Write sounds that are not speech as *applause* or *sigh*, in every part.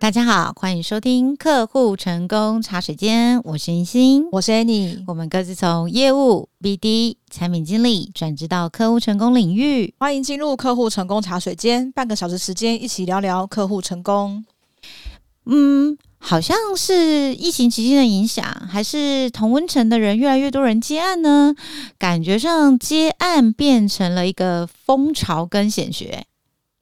大家好，歡迎收聽客戶成功茶水間。我是銀星。我是 Annie。我們各自從業務、BD、產品經理轉職到客戶成功領域。歡迎進入客戶成功茶水間，半個小時時間一起聊聊客戶成功。嗯，好像是疫情期間的影響，還是同溫層的人越來越多人接案呢？感覺上接案變成了一個風潮跟顯學。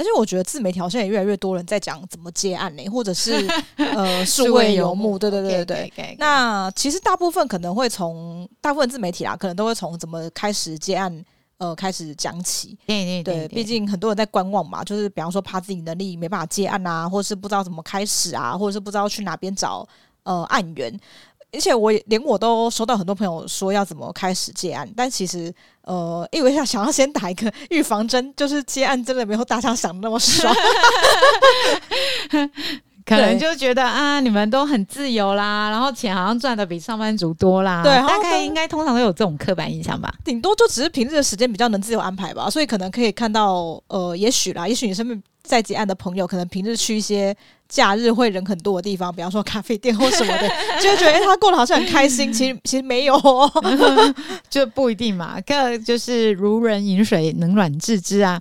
而且我覺得自媒體好像也越來越多人在講怎麼接案呢、欸，或者是 *laughs* 呃數位游牧， *laughs* 對，對對對對。Okay, okay, okay, okay. 那其實大部分可能會從大部分自媒體啦，可能都會從怎麼開始接案呃開始講起。對對對，畢對對竟，很多人在觀望嘛，就是比方說怕自己能力沒辦法接案吶、啊，或者是不知道怎麼開始啊，或者是不知道去哪邊找呃案源。而且我連我都收到很多朋友說要怎麼開始接案，但其實呃，因為我想想，要先打一個預防針，就是接案真的沒有大家想的那麼爽， *laughs* *laughs* 可能就覺得對啊，你們都很自由啦，然後錢好像賺的比上班族多啦，對，大概應該通常都有這種刻板印象吧，嗯、頂多，就只是平日的時間比較能自由安排吧，所以可能可以看到呃，也許啦，也許你身邊在接案的朋友，可能平日去一些。假日會人很多的地方，比方說咖啡店或什麼的， *laughs* 就覺得、欸、他過得好像很開心。 *laughs* 其實其實沒有、哦， *laughs* *laughs* 就不一定嘛。個就是如人飲水，冷暖自知啊。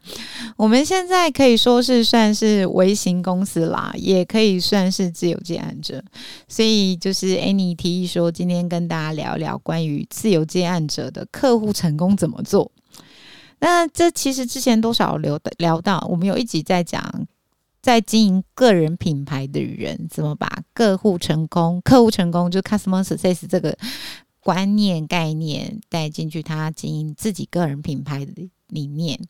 我們現在可以說是算是微型公司啦，也可以算是自由接案者。所以就是，Annie 提議說今天跟大家聊聊關於自由接案者的客戶成功怎麼做。那這其實之前多少聊聊到，我們有一集在講。在經營個人品牌的人，怎麼把客戶成功、客戶成功就 customer success 這個觀念概念帶進去？他經營自己個人品牌裡面。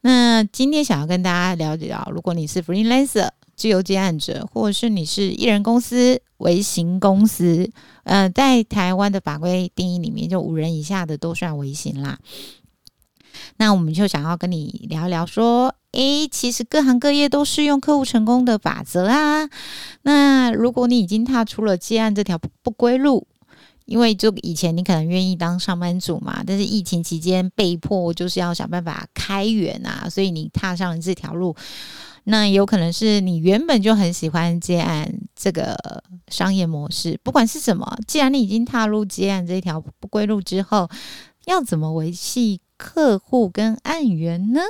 那今天想要跟大家了解到，如果你是 freelancer 自由接案者，或者是你是一人公司、微型公司，嗯、呃，在台灣的法規定義裡面，就五人以下的都算微型啦。那我們就想要跟你聊一聊說。誒，其實各行各業都適用客戶成功的法則啊。那如果你已經踏出了接案這條不，不歸路，因為就以前你可能願意當上班族嘛，但是疫情期間被迫就是要想辦法開源啊，所以你踏上了這條路。那有可能是你原本就很喜歡接案這個商業模式，不管是什麼，既然你已經踏入接案這條不歸路之後，要怎麼維繫客戶跟案源呢？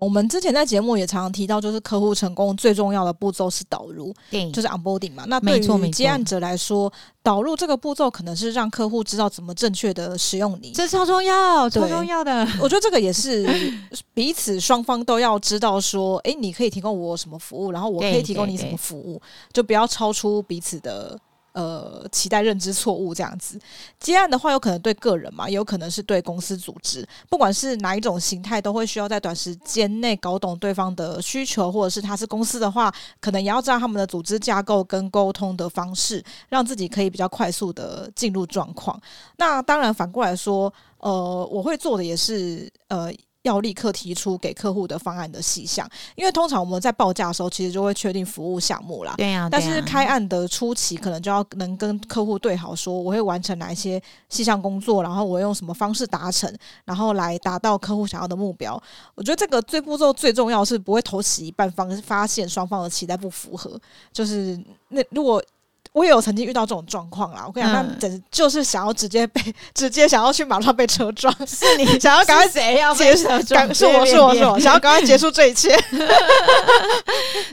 我們之前在節目也常常提到，就是客戶成功最重要的步驟是導入，對就是 onboarding 嘛。那對於我們接案者來說，導入這個步驟可能是讓客戶知道怎麼正確的使用你，這超重要，對超重要的。我覺得這個也是彼此雙方都要知道，說，哎、 *laughs* 欸，你可以提供我什麼服務，然後我可以提供你什麼服務，對對對，就不要超出彼此的。呃，期待認知錯誤這樣子。接案的話，有可能對個人嘛，也有可能是對公司組織。不管是哪一種形態，都會需要在短時間內搞懂對方的需求，或者是他是公司的話，可能也要知道他們的組織架構跟溝通的方式，讓自己可以比較快速的進入狀況。那當然，反過來說，呃，我會做的也是呃。要立刻提出給客戶的方案的細項，因為通常我們在報價的時候，其實就會確定服務項目啦。對啊，但是開案的初期，可能就要能跟客戶對好，說我會完成哪一些細項工作，然後我用什麼方式達成，然後來達到客戶想要的目標。我覺得這個最步驟最重要，是不會投其一半，方發現雙方的期待不符合，就是那如果。我也有曾經遇到這種狀況啦，我跟你講，他就是想要直接被直接想要去馬路上被車撞，是你想要趕快怎樣被車撞？是我是我是想要趕快結束這一切。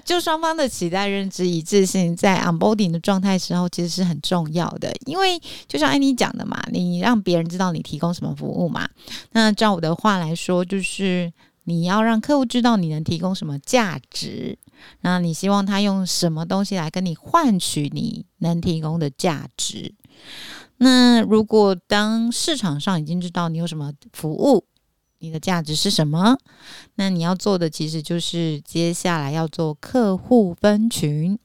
就雙方的期待認知一致性，在 onboarding 的狀態時候，其實是很重要的。因為就像安妮講的嘛，你讓別人知道你提供什麼服務嘛。那照我的話來說，就是。你要讓客戶知道你能提供什麼價值，那你希望他用什麼東西來跟你換取你能提供的價值？那如果當市場上已經知道你有什麼服務，你的價值是什麼？那你要做的其實就是接下來要做客戶分群。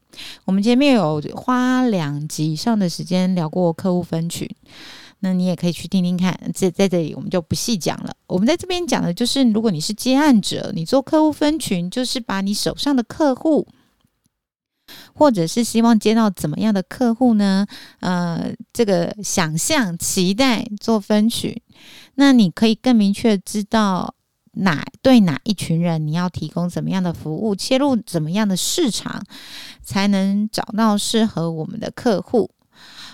我們前面有花兩集以上的時間聊過客戶分群。那你也可以去聽聽看，在在這裡我們就不細講了。我們在這邊講的就是，如果你是接案者，你做客戶分群，就是把你手上的客戶，或者是希望接到怎麼樣的客戶呢？呃，這個想象、期待做分群。那你可以更明確知道哪對哪一群人，你要提供怎麼樣的服務，切入怎麼樣的市場，才能找到適合我們的客戶。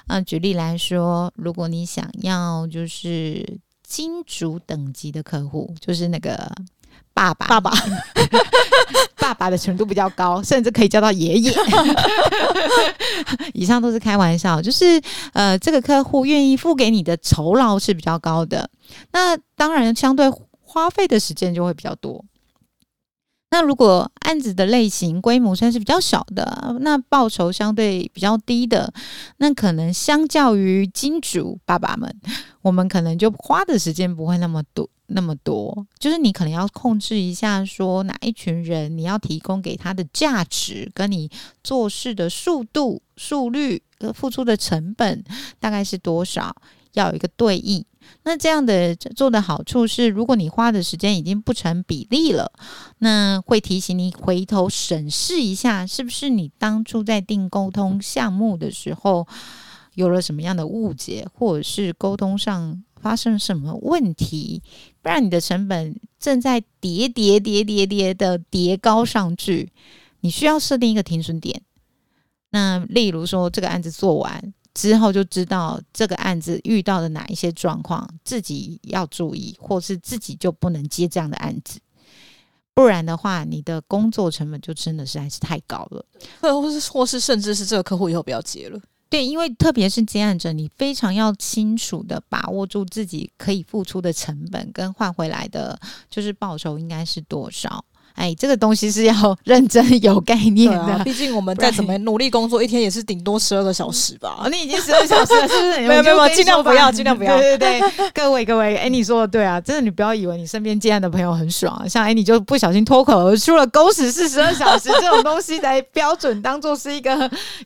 那舉例來說，如果你想要就是金主等級的客戶，就是那個爸爸、爸爸、 *laughs* 爸爸的程度比較高，甚至可以叫到爺爺。 *laughs* 以上都是開玩笑，就是呃，這個客戶願意付給你的酬勞是比較高的，那當然相對花費的時間就會比較多。那如果案子的類型規模算是比較小的，那報酬相對比較低的，那可能相較於金主爸爸們，我們可能就花的時間不會那麼多那麼多。就是你可能要控制一下說，說哪一群人，你要提供給他的價值，跟你做事的速度、速率和付出的成本大概是多少。要有一個對應，那這樣的做的好處是，如果你花的時間已經不成比例了，那會提醒你回頭審視一下，是不是你當初在定溝通項目的時候有了什麼樣的誤解，或者是溝通上發生什麼問題，不然你的成本正在疊疊疊疊疊疊的疊高上去，你需要設定一個停損點。那例如說，這個案子做完。之後就知道這個案子遇到的哪一些狀況，自己要注意，或是自己就不能接這樣的案子。不然的話，你的工作成本就真的實在是太高了，或是，或是甚至是這個客戶以後不要接了。對，因為特別是接案者，你非常要清楚地把握住自己可以付出的成本跟換回來的，就是報酬應該是多少。哎，這個東西是要認真有概念的，畢、啊、竟我們再怎麼努力工作，一天也是頂多十二個小時吧？Right 啊、你已經十二小時了，是不是？ *laughs* 沒有沒有盡量不要？盡量不要？ *laughs* 對對對，各位各位，哎、欸，你說的對啊，真的，你不要以為你身邊接案的朋友很爽、啊，像哎、欸、你就不小心脫口而出了“狗屎是十二小時” *laughs* 這種東西來標準當做是一個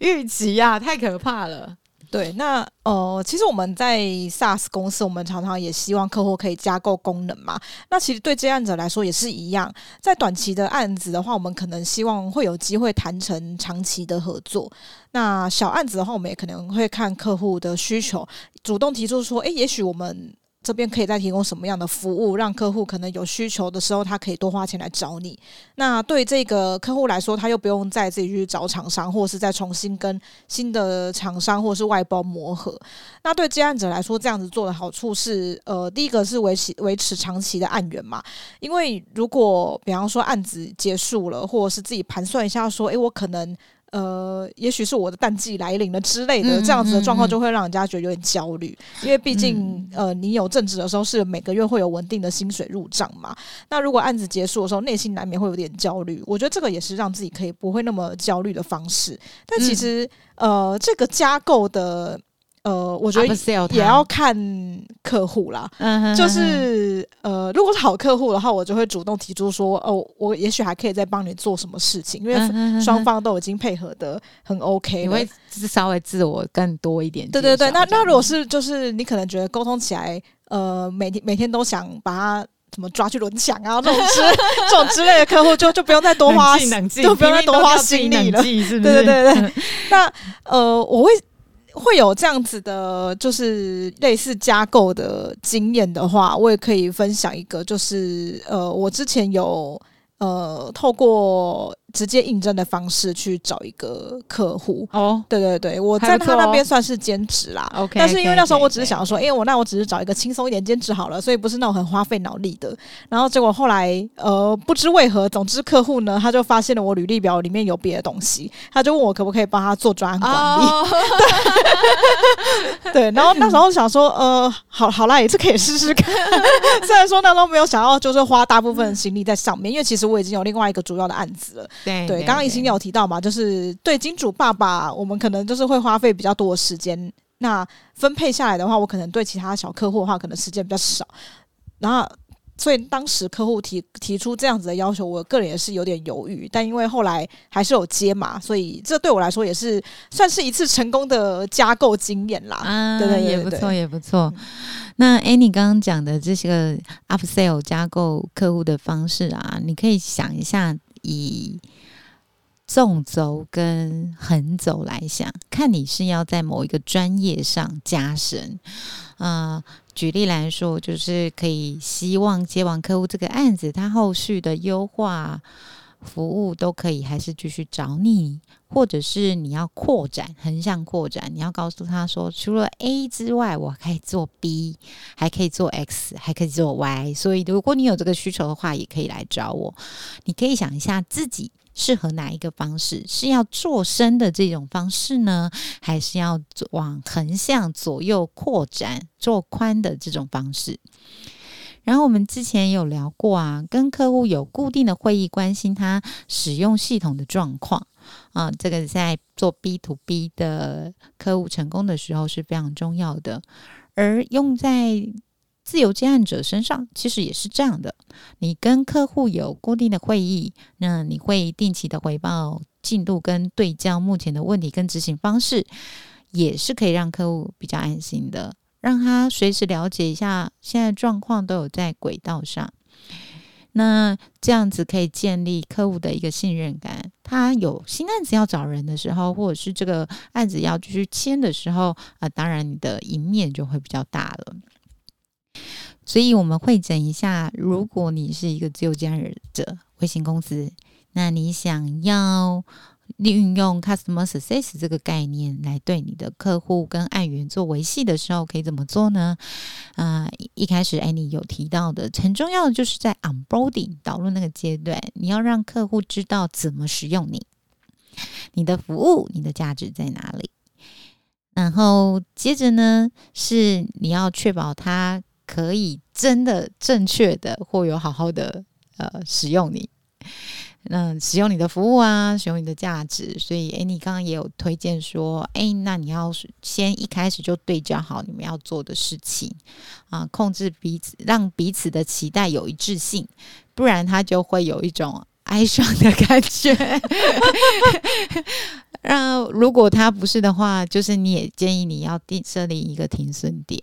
預期呀、啊，太可怕了。對，那呃，其實我們在 SaaS 公司，我們常常也希望客戶可以加購功能嘛。那其實對這案子來說也是一樣，在短期的案子的話，我們可能希望會有機會談成長期的合作。那小案子的話，我們也可能會看客戶的需求，主動提出說，哎，也許我們。這邊可以再提供什麼樣的服務，讓客戶可能有需求的時候，他可以多花錢來找你。那對這個客戶來說，他又不用再自己去找廠商，或者是再重新跟新的廠商或者是外包磨合。那對接案者來說，這樣子做的好處是，呃，第一個是維持維持長期的案源嘛。因為如果比方說案子結束了，或者是自己盤算一下說，哎、欸，我可能。呃，也許是我的淡季來臨了之類的，嗯、這樣子的狀況就會讓人家覺得有點焦慮，嗯、因為畢竟、嗯、呃，你有正職的時候是每個月會有穩定的薪水入賬嘛。那如果案子結束的時候，內心難免會有點焦慮。我覺得這個也是讓自己可以不會那麼焦慮的方式。但其實、嗯、呃，這個加購的。呃，我覺得也要看客戶啦。啊、嗯,哼嗯哼，就是呃，如果是好客戶的話，我就會主動提出說，哦，我也許還可以再幫你做什麼事情，因為雙方都已經配合得很 OK，因為只是稍微自我更多一點。對對對，那那如果是就是你可能覺得溝通起來，呃，每天每天都想把他怎麼抓去輪搶啊，這種之這種之類的客戶，就就不用再多花，就不用再多花精力了，是不是？對對對對， *laughs* 那呃，我會。會有這樣子的，就是類似加購的經驗的話，我也可以分享一個，就是呃，我之前有呃，透過。直接應徵的方式去找一個客戶哦，oh, 對對對，我在他那邊算是兼職啦。OK，但是因為那時候我只是想要說，因為、okay, okay, okay, okay. 欸、我，那我只是找一個輕鬆一點兼職好了，所以不是那種很花費腦力的。然後結果後來呃不知為何，總之客戶呢他就發現了我履歷表裡面有別的東西，他就問我可不可以幫他做專案管理。Oh. *laughs* *laughs* 對，然後那時候我想說呃好，好啦也是可以試試看， *laughs* 雖然說那時候沒有想要就是花大部分的心力在上面，嗯、因為其實我已經有另外一個主要的案子了。對，對剛剛已經你有提到嘛，對對對，就是對金主爸爸，我們可能就是會花費比較多的時間。那分配下來的話，我可能對其他小客戶的話，可能時間比較少。然後，所以當時客戶提提出這樣子的要求，我個人也是有點猶豫。但因為後來還是有接嘛，所以這對我來說也是算是一次成功的加購經驗啦。啊、對，對，對對對，也不錯，也不錯。那安妮剛剛講的這些個 upsell 加購客戶的方式啊，你可以想一下以。縱軸跟橫軸來想，看你是要在某一個專業上加深。呃，舉例來說，就是可以希望接完客戶這個案子，他後續的優化服務都可以還是繼續找你，或者是你要擴展，橫向擴展，你要告訴他說，除了 A 之外，我可以做 B，還可以做 X，還可以做 Y。所以，如果你有這個需求的話，也可以來找我。你可以想一下自己，適合哪一個方式？是要做深的這種方式呢，還是要往橫向左右擴展，做寬的這種方式？然後我們之前有聊過啊，跟客戶有固定的會議，關心他使用系統的狀況啊，這個在做 B to B 的客戶成功的時候是非常重要的，而用在，自由接案者身上其實也是這樣的，你跟客戶有固定的會議，那你會定期的回報進度跟對焦，目前的問題跟執行方式，也是可以讓客戶比較安心的，讓他隨時了解一下現在狀況都有在軌道上。那這樣子可以建立客戶的一個信任感。他有新案子要找人的時候，或者是這個案子要繼續簽的時候，啊、呃，當然你的贏面就會比較大了。所以我們彙整一下，如果你是一個自由接案者的微信公司，那你想要運用 Customer Success 這個概念來對你的客戶跟案源做維繫的時候，可以怎麼做呢？啊、呃，一開始 Annie 有提到的很重要的，就是在 Onboarding 導入那個階段，你要讓客戶知道怎麼使用你、你的服務、你的價值在哪裡。然後接着呢，是你要確保他。可以真的正確的或有好好的呃使用你，嗯、呃，使用你的服務啊，使用你的價值。所以，誒、欸，你剛剛也有推薦說，誒、欸，那你要先一開始就對焦好你們要做的事情啊、呃，控制彼此，讓彼此的期待有一致性，不然他就會有一種哀傷的感覺。那、 *laughs* *laughs* 啊、如果他不是的話，就是你也建議你要定設立一個停損點。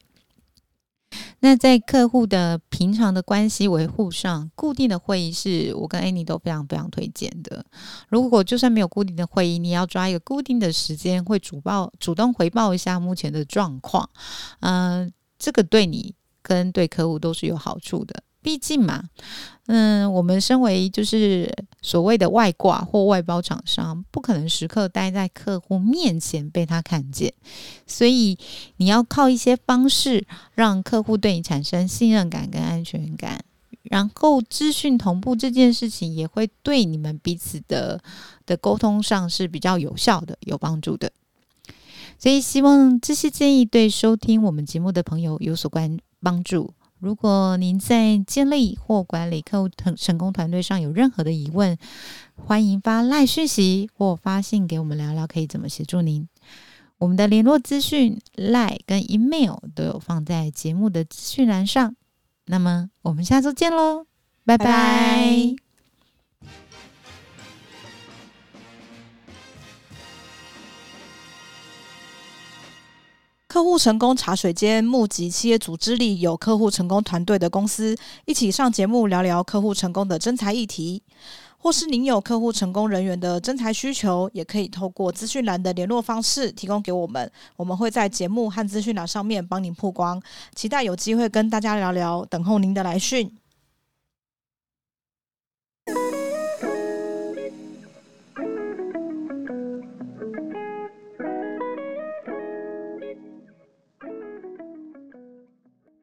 那在客戶的平常的關係維護上，固定的會議是我跟 Annie 都非常非常推薦的。如果就算沒有固定的會議，你要抓一個固定的時間，會主報主動回報一下目前的狀況，嗯、呃，這個對你跟對客戶都是有好處的。畢竟嘛，嗯，我們身為就是所謂的外掛或外包廠商，不可能時刻待在客戶面前被他看見，所以你要靠一些方式讓客戶對你產生信任感跟安全感。然後資訊同步這件事情也會對你們彼此的的溝通上是比較有效的，有幫助的。所以希望這些建議對收聽我們節目的朋友有所關幫助。如果您在建立或管理客戶成成功團隊上有任何的疑問，歡迎發賴訊息或發信給我們聊聊，可以怎麼協助您。我們的聯絡資訊賴跟 email 都有放在節目的資訊欄上。那麼我們下週見嘍，拜拜。客戶成功茶水間，募集企業組織裡有客戶成功團隊的公司，一起上節目聊聊客戶成功的徵才議題。或是您有客戶成功人員的徵才需求，也可以透過資訊欄的聯絡方式提供給我們，我們會在節目和資訊欄上面幫您曝光。期待有機會跟大家聊聊，等候您的來訊。